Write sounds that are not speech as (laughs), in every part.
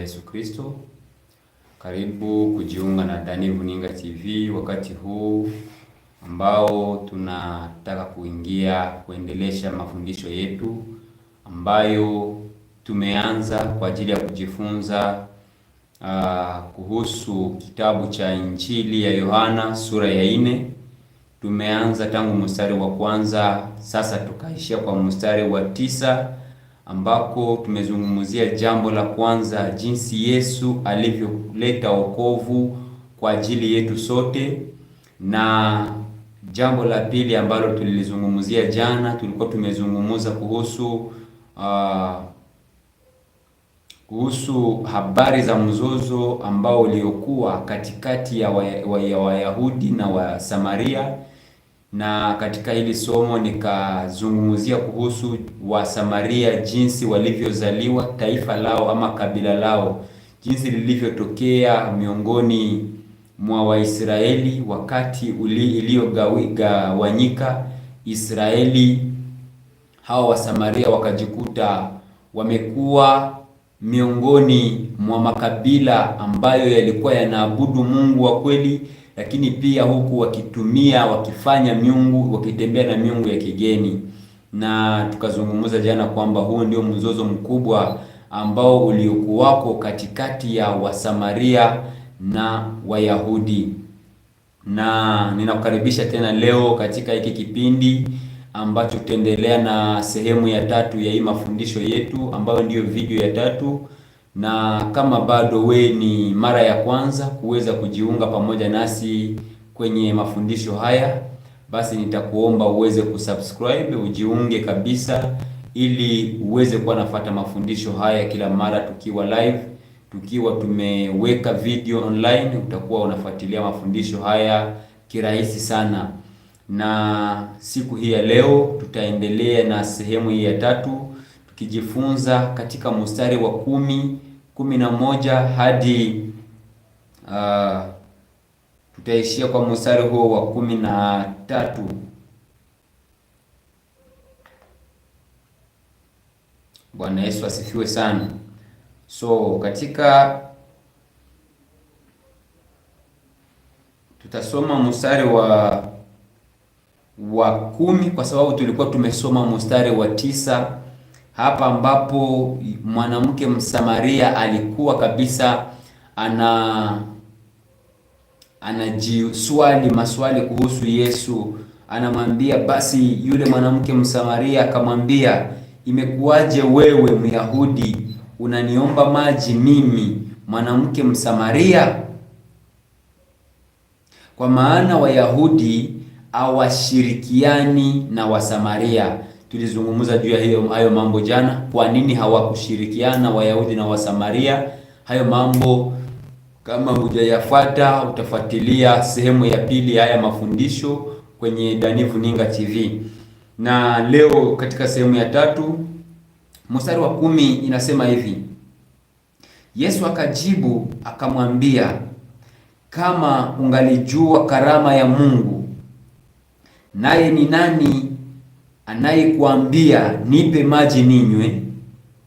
Yesu Kristo, karibu kujiunga na Daniel Vuninga TV wakati huu ambao tunataka kuingia kuendelesha mafundisho yetu ambayo tumeanza kwa ajili ya kujifunza uh, kuhusu kitabu cha Injili ya Yohana sura ya nne. Tumeanza tangu mstari wa kwanza, sasa tukaishia kwa mstari wa tisa ambako tumezungumzia jambo la kwanza, jinsi Yesu alivyoleta wokovu kwa ajili yetu sote, na jambo la pili ambalo tulilizungumzia jana, tulikuwa tumezungumza kuhusu uh, kuhusu habari za mzozo ambao uliokuwa katikati ya Wayahudi wa, wa na Wasamaria na katika hili somo nikazungumzia kuhusu Wasamaria, jinsi walivyozaliwa, taifa lao ama kabila lao, jinsi lilivyotokea miongoni mwa Waisraeli wakati iliyogawanyika Israeli. Hawa Wasamaria wakajikuta wamekuwa miongoni mwa makabila ambayo yalikuwa yanaabudu Mungu wa kweli lakini pia huku wakitumia wakifanya miungu wakitembea na miungu ya kigeni, na tukazungumza jana kwamba huu ndio mzozo mkubwa ambao uliokuwako katikati ya Wasamaria na Wayahudi, na ninakukaribisha tena leo katika hiki kipindi ambacho tutaendelea na sehemu ya tatu ya hii mafundisho yetu ambayo ndiyo video ya tatu na kama bado we ni mara ya kwanza kuweza kujiunga pamoja nasi kwenye mafundisho haya, basi nitakuomba uweze kusubscribe ujiunge kabisa, ili uweze kuwa nafata mafundisho haya kila mara tukiwa live, tukiwa tumeweka video online, utakuwa unafuatilia mafundisho haya kirahisi sana. Na siku hii ya leo tutaendelea na sehemu hii ya tatu tukijifunza katika mstari wa kumi kumi na moja hadi uh, tutaishia kwa mstari huo wa kumi na tatu. Bwana Yesu asifiwe sana. So katika tutasoma mstari wa wa kumi kwa sababu tulikuwa tumesoma mstari wa tisa hapa ambapo mwanamke Msamaria alikuwa kabisa ana anajiswali maswali kuhusu Yesu. Anamwambia basi, yule mwanamke Msamaria akamwambia, imekuwaje wewe Myahudi unaniomba maji mimi mwanamke Msamaria? Kwa maana Wayahudi hawashirikiani na Wasamaria. Tulizungumza juu ya hiyo hayo mambo jana. Kwa nini hawakushirikiana Wayahudi na Wasamaria? Hayo mambo kama hujayafuata, utafuatilia sehemu ya pili haya mafundisho kwenye Danivu Ninga TV. Na leo katika sehemu ya tatu mstari wa kumi inasema hivi: Yesu akajibu akamwambia, kama ungalijua karama ya Mungu, naye ni nani anayekuambia nipe maji ninywe,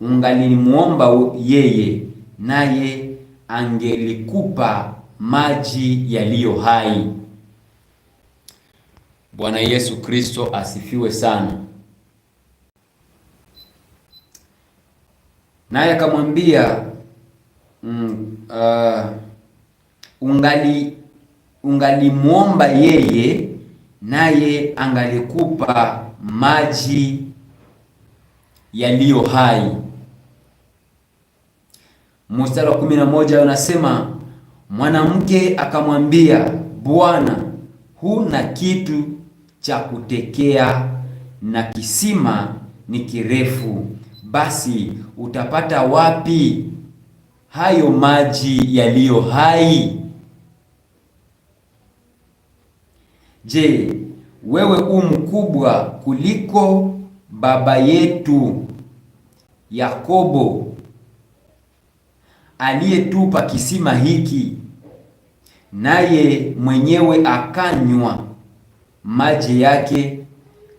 ungalimwomba yeye, naye angelikupa maji yaliyo hai. Bwana Yesu Kristo asifiwe sana. Naye akamwambia mm, uh, ungali ungalimwomba yeye naye angalikupa maji yaliyo hai. Mstari wa kumi na moja unasema mwanamke akamwambia, Bwana, huna kitu cha kutekea na kisima ni kirefu, basi utapata wapi hayo maji yaliyo hai? Je, wewe u mkubwa kuliko baba yetu Yakobo aliyetupa kisima hiki, naye mwenyewe akanywa maji yake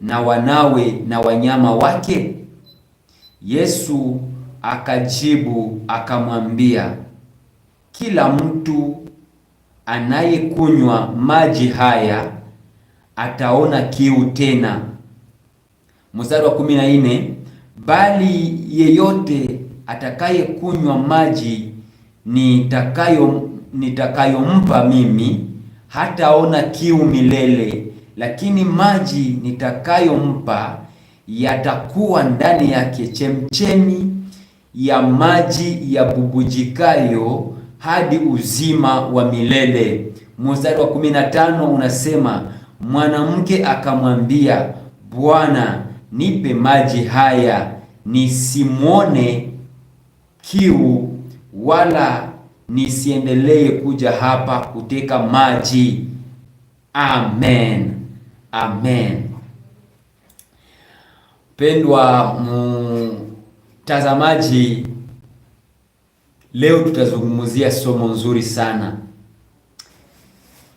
na wanawe na wanyama wake. Yesu akajibu akamwambia, kila mtu anayekunywa maji haya ataona kiu tena. Mstari wa kumi na nne bali yeyote atakayekunywa maji nitakayo nitakayompa mimi hataona kiu milele, lakini maji nitakayompa yatakuwa ndani yake chemchemi ya maji ya bubujikayo hadi uzima wa milele. Mstari wa 15 unasema Mwanamke akamwambia, Bwana, nipe maji haya nisimwone kiu wala nisiendelee kuja hapa kuteka maji. Amen, amen. Pendwa mtazamaji, leo tutazungumzia somo nzuri sana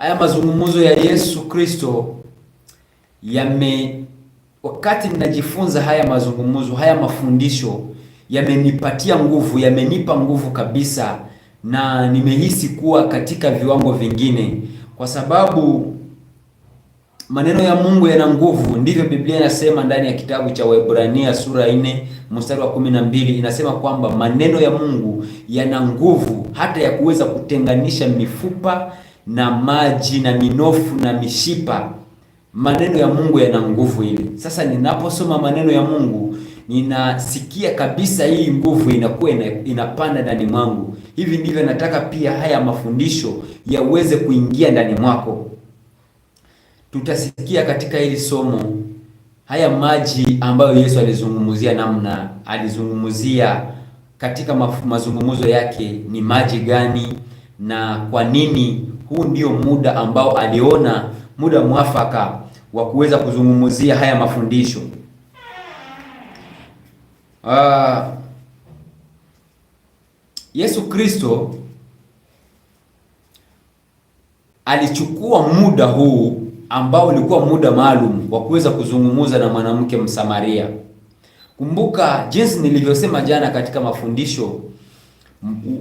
Haya mazungumzo ya Yesu Kristo yame, wakati ninajifunza haya mazungumzo, haya mafundisho yamenipatia nguvu, yamenipa nguvu kabisa, na nimehisi kuwa katika viwango vingine, kwa sababu maneno ya Mungu yana nguvu. Ndivyo Biblia inasema ndani ya kitabu cha Waebrania sura 4 mstari wa 12 inasema kwamba maneno ya Mungu yana nguvu hata ya kuweza kutenganisha mifupa na maji na minofu na mishipa. Maneno ya Mungu yana nguvu ile. Sasa ninaposoma maneno ya Mungu ninasikia kabisa hii nguvu inakuwa inapanda ndani mwangu. Hivi ndivyo nataka pia haya mafundisho yaweze kuingia ndani mwako. Tutasikia katika hili somo haya maji ambayo Yesu alizungumzia, namna alizungumzia katika mazungumzo yake, ni maji gani na kwa nini huu ndio muda ambao aliona muda mwafaka wa kuweza kuzungumzia haya mafundisho. Uh, Yesu Kristo alichukua muda huu ambao ulikuwa muda maalum wa kuweza kuzungumza na mwanamke Msamaria. Kumbuka jinsi nilivyosema jana katika mafundisho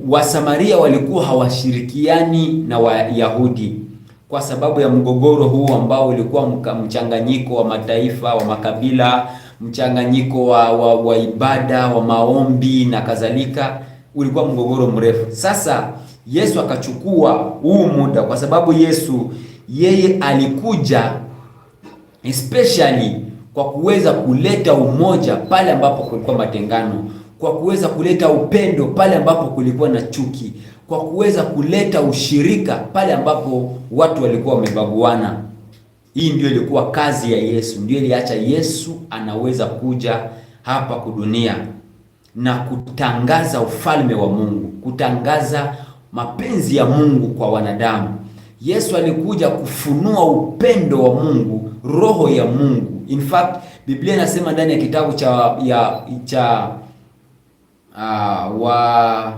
Wasamaria walikuwa hawashirikiani na Wayahudi kwa sababu ya mgogoro huu ambao ulikuwa mchanganyiko wa mataifa, wa makabila, mchanganyiko wa, wa, wa ibada, wa maombi na kadhalika. Ulikuwa mgogoro mrefu. Sasa Yesu akachukua huu muda, kwa sababu Yesu yeye alikuja especially kwa kuweza kuleta umoja pale ambapo kulikuwa matengano kwa kuweza kuleta upendo pale ambapo kulikuwa na chuki, kwa kuweza kuleta ushirika pale ambapo watu walikuwa wamebaguana. Hii ndio ilikuwa kazi ya Yesu, ndio iliacha Yesu anaweza kuja hapa kudunia na kutangaza ufalme wa Mungu, kutangaza mapenzi ya Mungu kwa wanadamu. Yesu alikuja kufunua upendo wa Mungu, roho ya Mungu. In fact, Biblia inasema ndani ya kitabu cha ya, cha uh, wa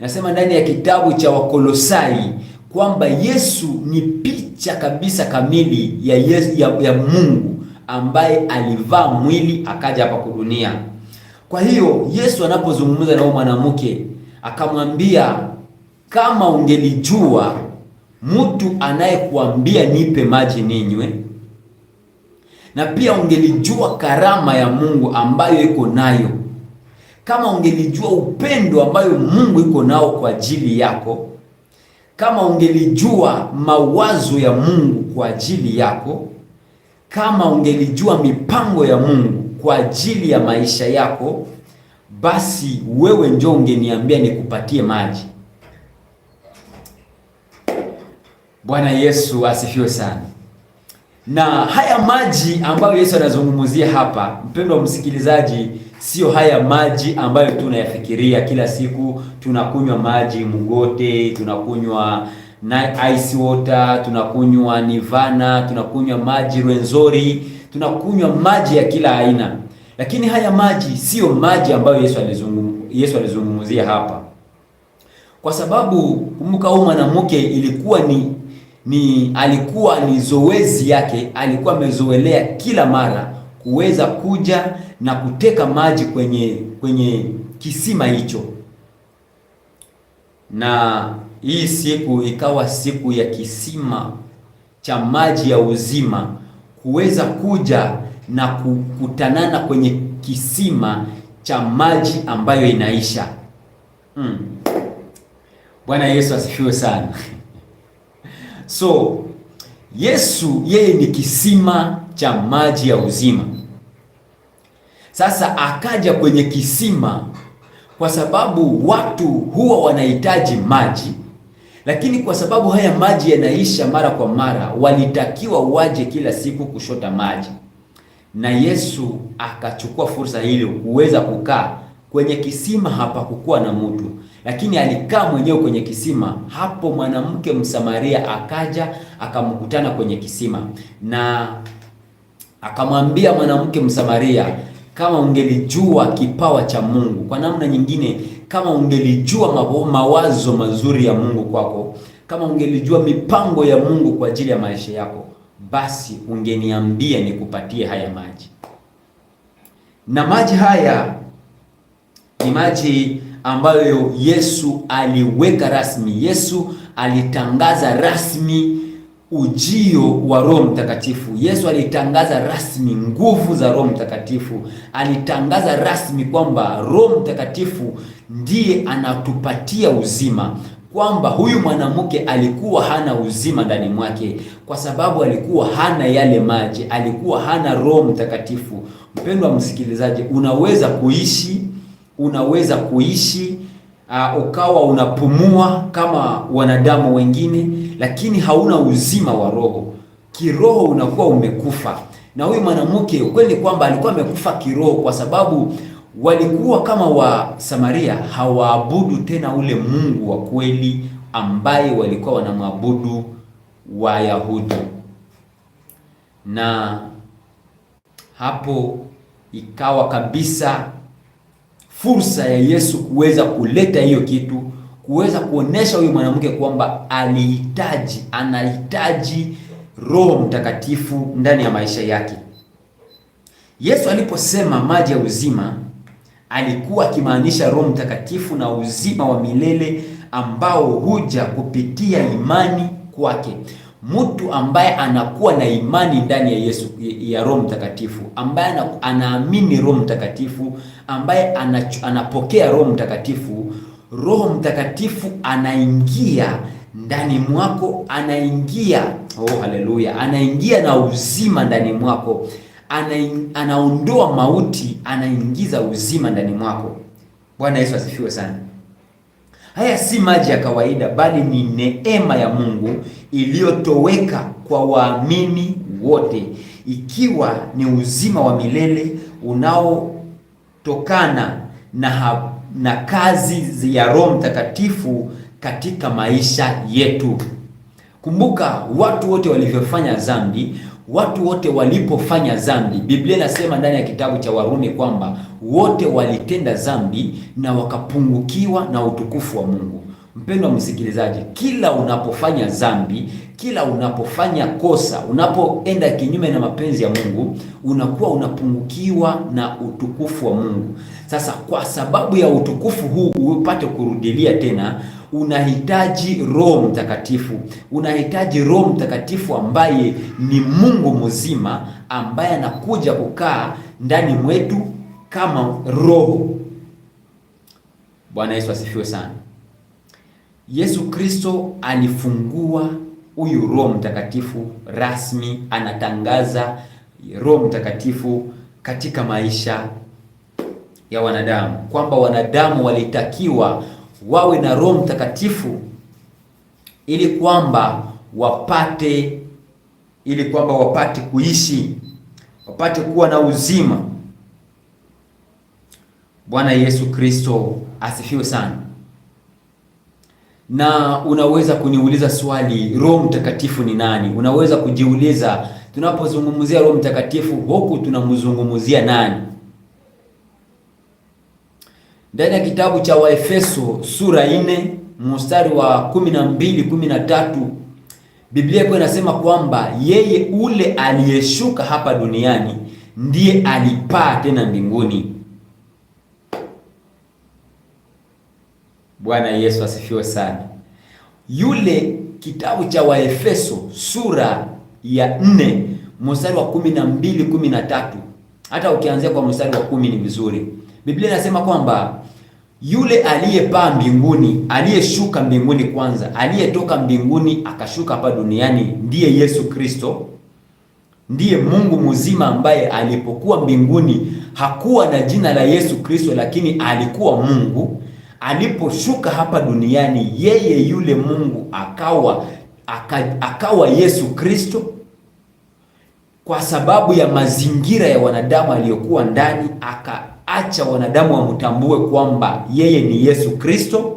nasema ndani ya kitabu cha Wakolosai kwamba Yesu ni picha kabisa kamili ya, Yesu, ya, ya Mungu ambaye alivaa mwili akaja hapa kudunia. Kwa hiyo Yesu anapozungumza na huyo mwanamke akamwambia, kama ungelijua mtu anayekuambia nipe maji ninywe na pia ungelijua karama ya Mungu ambayo iko nayo, kama ungelijua upendo ambayo Mungu iko nao kwa ajili yako, kama ungelijua mawazo ya Mungu kwa ajili yako, kama ungelijua mipango ya Mungu kwa ajili ya maisha yako, basi wewe njo ungeniambia nikupatie maji. Bwana Yesu asifiwe sana. Na haya maji ambayo Yesu anazungumzia hapa, mpendwa msikilizaji, sio haya maji ambayo tunayafikiria kila siku. Tunakunywa maji Mugote, tunakunywa na ice water, tunakunywa Nivana, tunakunywa maji Rwenzori, tunakunywa maji ya kila aina, lakini haya maji siyo maji ambayo Yesu alizungumzia Yesu alizungumzia hapa, kwa sababu kumbuka, huu mwanamke ilikuwa ni ni alikuwa ni zoezi yake, alikuwa amezoelea kila mara kuweza kuja na kuteka maji kwenye kwenye kisima hicho. Na hii siku ikawa siku ya kisima cha maji ya uzima kuweza kuja na kukutanana kwenye kisima cha maji ambayo inaisha. Hmm. Bwana Yesu asifiwe sana. (laughs) So Yesu yeye ni kisima cha maji ya uzima. Sasa akaja kwenye kisima kwa sababu watu huwa wanahitaji maji, lakini kwa sababu haya maji yanaisha mara kwa mara, walitakiwa waje kila siku kushota maji, na Yesu akachukua fursa hili kuweza kukaa kwenye kisima. Hapakukuwa na mtu lakini alikaa mwenyewe kwenye kisima. Hapo mwanamke Msamaria akaja akamkutana kwenye kisima na akamwambia mwanamke Msamaria, kama ungelijua kipawa cha Mungu, kwa namna nyingine, kama ungelijua mawazo mazuri ya Mungu kwako, kama ungelijua mipango ya Mungu kwa ajili ya maisha yako, basi ungeniambia nikupatie haya maji. Na maji haya ni maji ambayo Yesu aliweka rasmi. Yesu alitangaza rasmi ujio wa Roho Mtakatifu. Yesu alitangaza rasmi nguvu za Roho Mtakatifu. Alitangaza rasmi kwamba Roho Mtakatifu ndiye anatupatia uzima, kwamba huyu mwanamke alikuwa hana uzima ndani mwake kwa sababu alikuwa hana yale maji, alikuwa hana Roho Mtakatifu. Mpendwa msikilizaji, unaweza kuishi unaweza kuishi uh, ukawa unapumua kama wanadamu wengine, lakini hauna uzima wa roho. Kiroho unakuwa umekufa. Na huyu mwanamke ukweli kwamba alikuwa amekufa kiroho, kwa sababu walikuwa kama wa Samaria, hawaabudu tena ule Mungu wa kweli ambaye walikuwa wanamwabudu Wayahudi. Na hapo ikawa kabisa fursa ya Yesu kuweza kuleta hiyo kitu, kuweza kuonesha huyu mwanamke kwamba alihitaji, anahitaji Roho Mtakatifu ndani ya maisha yake. Yesu aliposema maji ya uzima, alikuwa akimaanisha Roho Mtakatifu na uzima wa milele ambao huja kupitia imani kwake mtu ambaye anakuwa na imani ndani ya Yesu ya Roho Mtakatifu, ambaye anaamini Roho Mtakatifu, ambaye anapokea Roho Mtakatifu, Roho Mtakatifu anaingia ndani mwako, anaingia oh, haleluya, anaingia na uzima ndani mwako, anaondoa mauti, anaingiza uzima ndani mwako. Bwana Yesu asifiwe sana. Haya si maji ya kawaida, bali ni neema ya Mungu iliyotoweka kwa waamini wote, ikiwa ni uzima wa milele unaotokana na, na kazi ya Roho Mtakatifu katika maisha yetu. Kumbuka watu wote walivyofanya dhambi watu wote walipofanya dhambi, Biblia inasema ndani ya kitabu cha Warumi kwamba wote walitenda dhambi na wakapungukiwa na utukufu wa Mungu. Mpendwa msikilizaji, kila unapofanya dhambi, kila unapofanya kosa, unapoenda kinyume na mapenzi ya Mungu, unakuwa unapungukiwa na utukufu wa Mungu. Sasa kwa sababu ya utukufu huu upate kurudilia tena unahitaji Roho Mtakatifu, unahitaji Roho Mtakatifu ambaye ni Mungu mzima, ambaye anakuja kukaa ndani mwetu kama roho. Bwana Yesu asifiwe sana. Yesu Kristo alifungua huyu Roho Mtakatifu rasmi, anatangaza Roho Mtakatifu katika maisha ya wanadamu, kwamba wanadamu walitakiwa wawe na Roho Mtakatifu ili kwamba wapate ili kwamba wapate kuishi, wapate kuwa na uzima. Bwana Yesu Kristo asifiwe sana. Na unaweza kuniuliza swali, Roho Mtakatifu ni nani? Unaweza kujiuliza, tunapozungumzia Roho Mtakatifu huku tunamzungumzia nani? ndani ya kitabu cha Waefeso sura 4 mstari wa 12 13, Biblia iko inasema kwamba yeye ule aliyeshuka hapa duniani ndiye alipaa tena mbinguni. Bwana Yesu asifiwe sana. Yule kitabu cha Waefeso sura ya 4 mstari wa 12 13, hata ukianzia kwa mstari wa kumi ni vizuri Biblia inasema kwamba yule aliyepaa mbinguni, aliyeshuka mbinguni kwanza, aliyetoka mbinguni akashuka hapa duniani ndiye Yesu Kristo, ndiye Mungu mzima ambaye alipokuwa mbinguni hakuwa na jina la Yesu Kristo, lakini alikuwa Mungu. Aliposhuka hapa duniani, yeye yule Mungu akawa aka, akawa Yesu Kristo kwa sababu ya mazingira ya wanadamu aliyokuwa ndani aka acha wanadamu wamtambue kwamba yeye ni Yesu Kristo,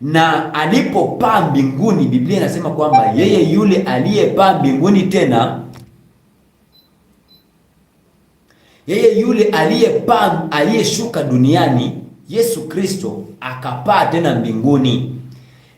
na alipopaa mbinguni, Biblia inasema kwamba yeye yule aliyepaa mbinguni tena yeye yule aliyepaa aliyeshuka duniani Yesu Kristo akapaa tena mbinguni,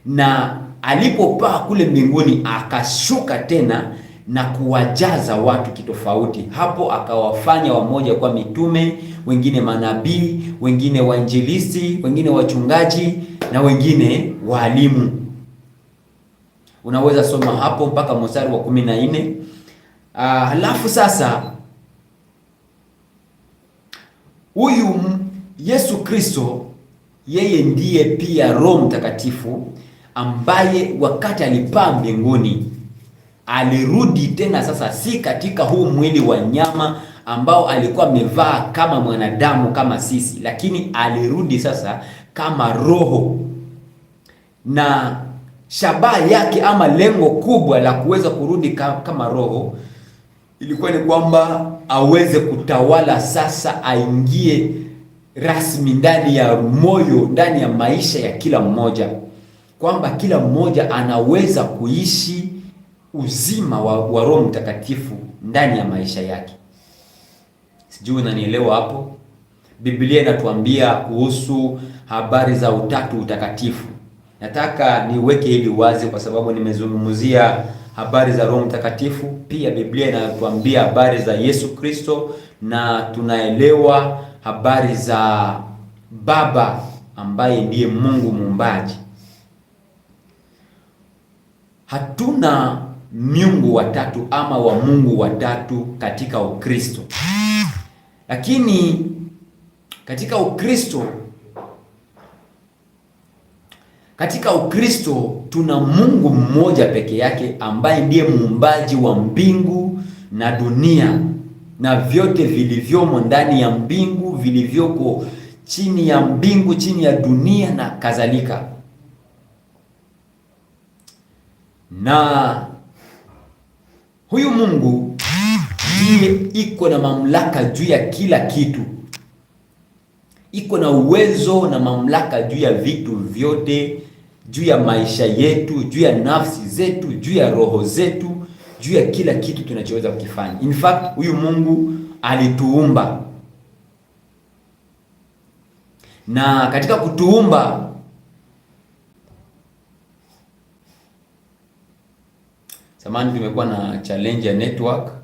na alipopaa kule mbinguni akashuka tena na kuwajaza watu kitofauti. Hapo akawafanya wamoja kuwa mitume, wengine manabii, wengine wainjilisti, wengine wachungaji na wengine walimu. Unaweza soma hapo mpaka mstari wa kumi na nne. Ah, halafu sasa huyu Yesu Kristo yeye ndiye pia Roho Mtakatifu ambaye wakati alipaa mbinguni alirudi tena sasa, si katika huu mwili wa nyama ambao alikuwa amevaa kama mwanadamu kama sisi, lakini alirudi sasa kama roho, na shabaha yake ama lengo kubwa la kuweza kurudi kama roho ilikuwa ni kwamba aweze kutawala sasa, aingie rasmi ndani ya moyo, ndani ya maisha ya kila mmoja, kwamba kila mmoja anaweza kuishi uzima wa, wa Roho Mtakatifu ndani ya maisha yake. Sijui unanielewa hapo? Biblia inatuambia kuhusu habari za utatu utakatifu. Nataka niweke hili wazi kwa sababu nimezungumzia habari za Roho Mtakatifu. Pia Biblia inatuambia habari za Yesu Kristo na tunaelewa habari za Baba ambaye ndiye Mungu muumbaji. Hatuna miungu watatu ama wa Mungu watatu katika Ukristo. Lakini katika Ukristo, katika Ukristo tuna Mungu mmoja peke yake ambaye ndiye muumbaji wa mbingu na dunia na vyote vilivyomo ndani ya mbingu, vilivyoko chini ya mbingu, chini ya dunia na kadhalika na Huyu Mungu ndiye iko na mamlaka juu ya kila kitu, iko na uwezo na mamlaka juu ya vitu vyote, juu ya maisha yetu, juu ya nafsi zetu, juu ya roho zetu, juu ya kila kitu tunachoweza kukifanya. In fact, huyu Mungu alituumba na katika kutuumba zamani tumekuwa na challenge ya network